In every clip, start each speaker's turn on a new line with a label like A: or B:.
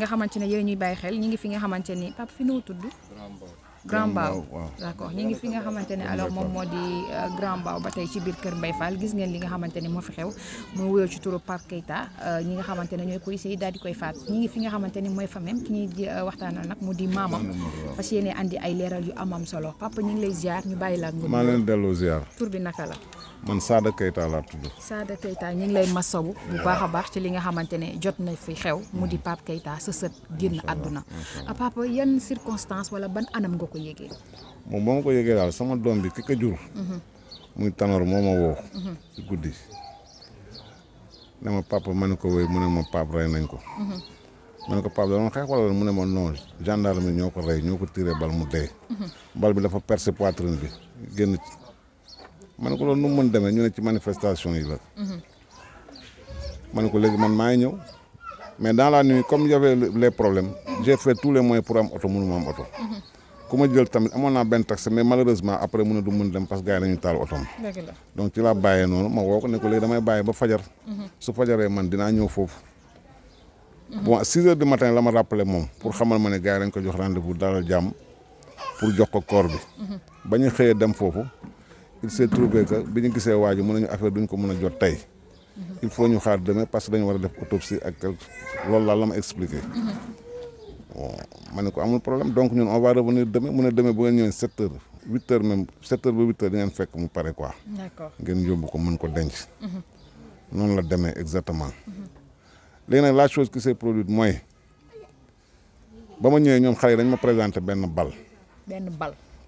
A: nga xamante ne yéen ñuy bàyyi xel ñi ngi fi nga xamante ni Pape fi noo tudd. Grand Mbao d' accord ñi ngi fi nga xamante ne alors moom moo di euh, Grand Mbao ba tey ci biir Kër mbay Fall gis ngeen li nga xamante ne moo fi xew mu wuyoo ci turu Pape Keita euh, ñi nga xamante ne ñooy policiers yi daal di koy faat ñi ngi fi nga xamante ni mooy famem ki ñuy euh, waxtaanal nag mu di maamam fas yéene andi ay leeral yu amam solo papa ñu ngi lay ziar ñu bàyyi la ak. maa bi naka la.
B: man Sada Keita la tuddu
A: Sada Keita ñu ngi lay masawu bu baax a baax ci li nga xamantene jot na fi xew mu di mm. Pape Keita seut genn aduna a papa yeen circonstance wala ban anam nga ko yegge
B: mo mo ko yegge dal sama dom bi kika ko jur. Mm-hmm. muy tanor moo ma woo. Mm-hmm. ci guddi ne papa ma ko way mu ne ma pap ray nañ ko. Mm-hmm. ma ko pap dama xex wala mu ne ma non gendarme ñoko ray ñoko tiré bal mu dé bal bi dafa percer poitrine bi genn man ko loolu nu mu mën demee ñu ne ci manifestation yi la. man ko léegi man maa ngi ñëw mais dans la nuit comme y avait les problèmes j'ai fait les moyens pour am oto mënu ma am oto. ku ma jël tamit amoon naa benn taxi mais malheureusement après mun a du mën dem parce que gars yi nañu taal otoom. donc ci laa bàyyee noonu ma woo ko ne ko léegi damay bàyyi ba fajar. su fajaree man dinaa ñëw foofu. bon six heures du matin lama ma rappelé moom pour xamal ma ne gars yi dañ ko jox rendez-vous dalal jàmm pour jox ko corps bi. ñu xëyee dem foofu. il s'est bi ñu gisee waa ji mën nañu affaire duñ ko mën a jot tey mhm. il faut ñu xaar demain parce que dañu war a def autopsie ak loolu daal la ma expliqué. Mhm. bon ma ne ko amul problème donc ñun on va revenir demain mu ne demain bu ngeen ñëwee sept heures huit heures même sept heures ba huit heures di ngeen fekk mu pare quoi. d'accord ngeen yóbbu ko mën ko denc. Mhm. noonu la demee exactement. léegi nag la chose que s'est produite mooy ba ma ñëwee ñoom xale yi dañ ma présenté benn bal.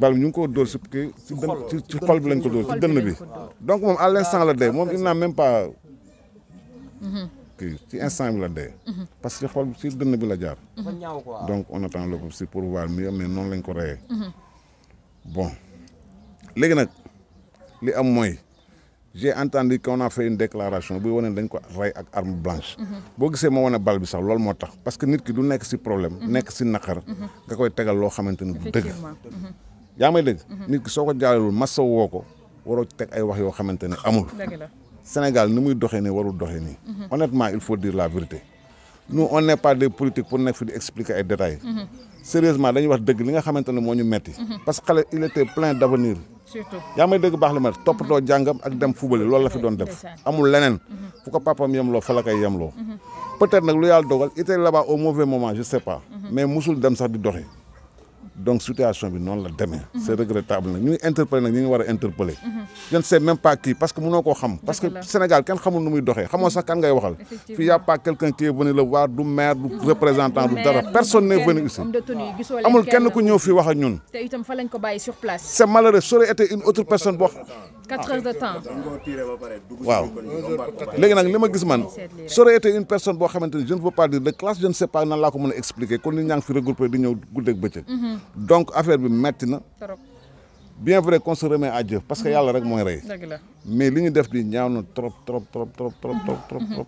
B: bal ñu ngi ko dóor ci si ci xol bi lañ ko dóor ci dënn bi donc moom à l'instant la dee moom il n'a même pas mhm. kii ci instant bi la dee mhm. parce que xol ci dënn bi la jaar donc on attend l'autopsie pour voir mieux mais noonu lañ ko reyee mhm. bon léegi nag li am mooy j'ai entendu qu'on a fait une déclaration buy wane dañ ko rey ak arme blanche boo gisee moo wane bal bi sax loolu moo tax parce que nit ki du nekk si problème nekk si naqar nga koy tegal loo xamante ne du dëgg yaa may dégg. nit ki soo ko jaalalul masa woo ko waroo ci teg ay wax yoo xamante ne amul. Sénégal ni muy doxee nii warul doxee nii. honnêtement il faut dire la vérité. nous on n'est pas des politiques pour nekk fi di expliquer ay détails. sérieusement dañuy wax dëgg li nga xamante ne moo ñu metti parce que xale il était plein d'avenir. surtout yaa may dégg baax la ma toppatoo jàngam ak dem fubale loolu la doon def. amul leneen. fu ko papam yemloo fa la koy yemloo. peut-être nag lu yàlla dogal il était là-bas au mauvais moment je mhm. dem sax di doxi donc situation bi non la demee. c'est regrettable nag ñu ngi interpellé nag ñu ngi je ne sais même pas qui parce que mënoo koo xam. parce que Sénégal ken xamul nu muy doxee xamoo sax kan ngay waxal. fi fii y' a pas quelqu'un qui est venu le voir du maire du représentant du dara. personne n'est venu ici
A: amul kenn ku ñëw fi wax ak ñun. te itam fa lañ ko bàyyi sur place.
B: c'est malheureux ça aurait été une autre personne boo.
A: Ah, quatre heures de temps waaw léegi nag li man
B: une personne bo xamanteni je ne veux pas dire de classe je ne sais pas nan laa ko mën expliquer kon ni ñang fi regrouper di ñëw guddeeg bëccëg mhm. donc affaire bi metti na bien vrai qu'on se remet à Dieu parce que mhm. Yalla rek moy rey mais li ñu def di ñaanu trop trop trop trop trop mhm. trop trop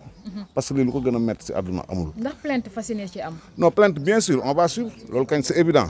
B: parce que li lu ko gëna metti ci aduna amul
A: ndax plainte fasciné ci am
B: non plainte bien sûr on va suivre loolu c'est évident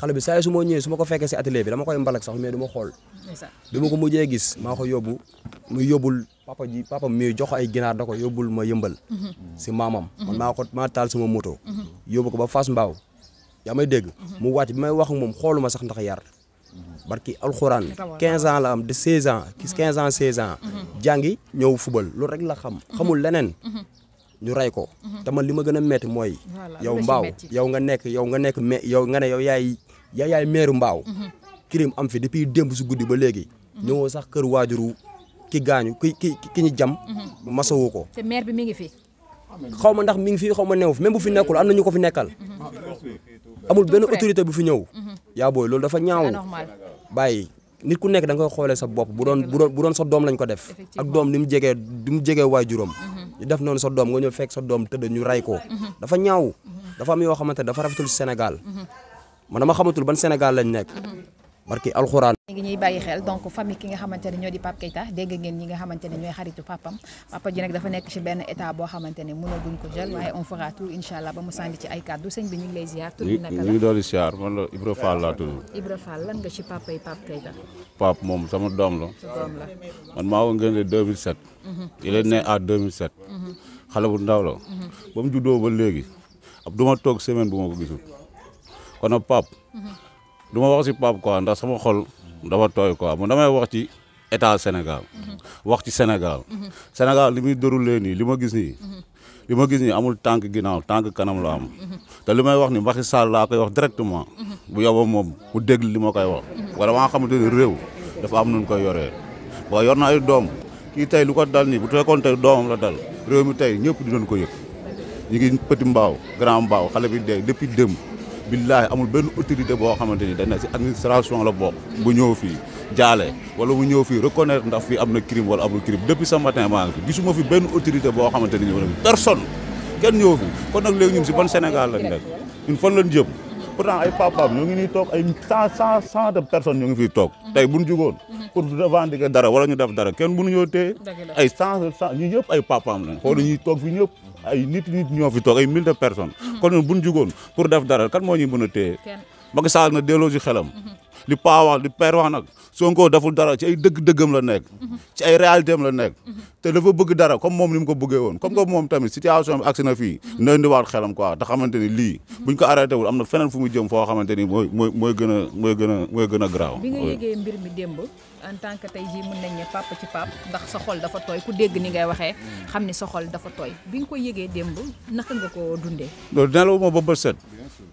C: xale bi saa yi su ma ñëwee su ma ko fekkee si atelier bi dama koy mbalak sax mais du ma xool bi ma ko mujjee gis maa ko yóbbu mu yóbbul papa ji papa da ko yóbbul ma yëmbal mhm. si maamam mhm. man maa ko maa taal sama moto mhm. yóbbu ko ba Fass Mbao yaa may dégg mu wàcc bi may wax ak moom xooluma sax ndax yar barki alxuraan 15 ans la am de 16 ans 15 ans 16 ans jàngi fubal loolu rek xam xamul leneen ñu rey ko te man li ma gën a metti mooy yow mbaaw yow nga nekk yow nga nekk yow nga ne yow yaay yaay yaay meeru mbaaw mhm. kirim am fi depuis démb su guddi ba léegi mhm. ñëwoo sax kër waajuru ki gaañu ki ki ki ñu jam mhm. masawu ko
A: te maire bi mi ngi fi xaw
C: ma ndax mi ngi fi xaw ma neew même bu fi nekkul am na ñu ko fi nekkal amul benn autorité bu fi ñëw yaa booy loolu dafa ñaaw bàyyi nit ku nekk da nga koy xoolee sa bopp bu doon bu doon bu sa doom lañ ko def ak doom ni mu jegee ni mu jegee waajuram ñu def noonu sa doom nga ñëw fekk sa doom tëdd ñu rey ko dafa ñaaw dafa am yoo xamante dafa rafetul Sénégal man dama xamatul ban Sénégal lañ nekk. Mhm. barki alxuraan.
A: léegi ñuy bàyyi xel donc famille ki nga xamante ne ñoo di Pape Keita dégg ngeen ñi nga xamante ne ñooy xaritu papam papa ji nag dafa nekk ci benn état boo xamante ne mënaguñ ko jël waaye ci ay kàddu sëñ bi bi naka la ñu ngi doon
D: la Ibra Fall laa tudd. Ibra moom sama doom la. doom la man maa woon ngeen ne 2007. il est né à 2007. Mhm. xale bu ndaw la. Mhm. ba mu juddoo ba léegi ab du ma toog semaine bu ma ko gisul. kon nag Pape. Mhm. du ma wax si Pape quoi sama xol dafa tooy quoi man damay wax ci état Sénégal. Mhm. wax ci Sénégal. Mhm. Sénégal li muy déroulé nii li ma gis nii. li ma gis nii amul tànk ginnaaw tànk kanam la am. te li may wax ni Macky Sall laa koy wax directement. bu yóbboo moom bu dégg li ma koy wax. wala maa xamante ni réew dafa am nu koy yoree. waaye yor na doom kii tey lu ko dal nii bu fekkoon tey doomam la dal réew mi tey ñëpp di doon ko yëg ñu ngi petit mbaaw grand mbaaw xale bi démb. billaahi amul benn autorité boo xamante ni dañ ne si administration la bokk bu ñëw fii jaale wala mu ñëw fii reconnaître ndax fii am na crime wala amul crime depuis ce matin maa ngi fi gisuma fi benn autorité boo xamante ni na personne kenn ñëw fi kon nag léegi ñun si ban Sénégal lañ nekk ñun fan lañ jëm pourtant ay papaam ñoo ngi ñu toog ay cent cent cent de personnes ñoo ngi fiy toog tey bu ñu jugoon pour dara wala ñu def dara kenn mënuñoo téye ay cent cent ñu ñëpp ay papaam lañ xool ñuy toog fi ñëpp ay nit nit ñoo fi toog ay mille de person mhm. kon ñun bu ñu jugoon pour def dara kan moo ñuy mën a téye. Macky Sall na delloo si xelam. Mhm. li paa li père wax nag Sonko daful dara ci ay dëgg-dëggam la nekk mhm. ci ay réalité la nekk te dafa bëgg dara comme moom ni mu ko bëggee woon comme que moom tamit situation bi agsi mhm. te lii mhm. buñ ko arrêté am na feneen fu mu jëm foo xamante ni mooy mooy mooy gën a mooy gën a mooy gën a graaw bi nga yëgee
A: mbir mi démb en tant que tey jii mën nañ ne papa ci pap ndax sa xol dafa tooy ku dégg ni ngay waxee mm. xam ni sa xol dafa tooy bi nga ko yëgee démb naka nga ko dundee
D: nelawuma ba bët set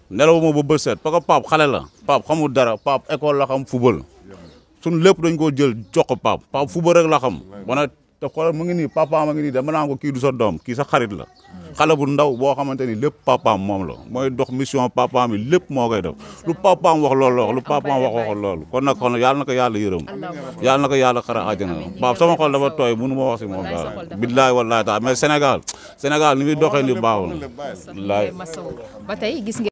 D: nelawuma ba bët set parce que la pap xamul dara la xam football suñ lépp dañ koo jël jox ko Pape Pape fu rek la xam wana te xoolal mu ngi nii papa ma ngi nii dama naan ko kii du sa doom kii sa xarit la xale bu ndaw boo xamante ni lépp papaam moom la mooy dox mission papaam yi lépp moo koy def lu papaam wax loolu lool wax lu papaam wax waxul loolu kon nag kon yàlla na ko yàlla yërëm yàlla na ko yàlla xara àjjana baab sama xol dafa tooy mënu ma wax si moom daal billaay wallaay taal mais Sénégal Sénégal ni muy doxee
A: ni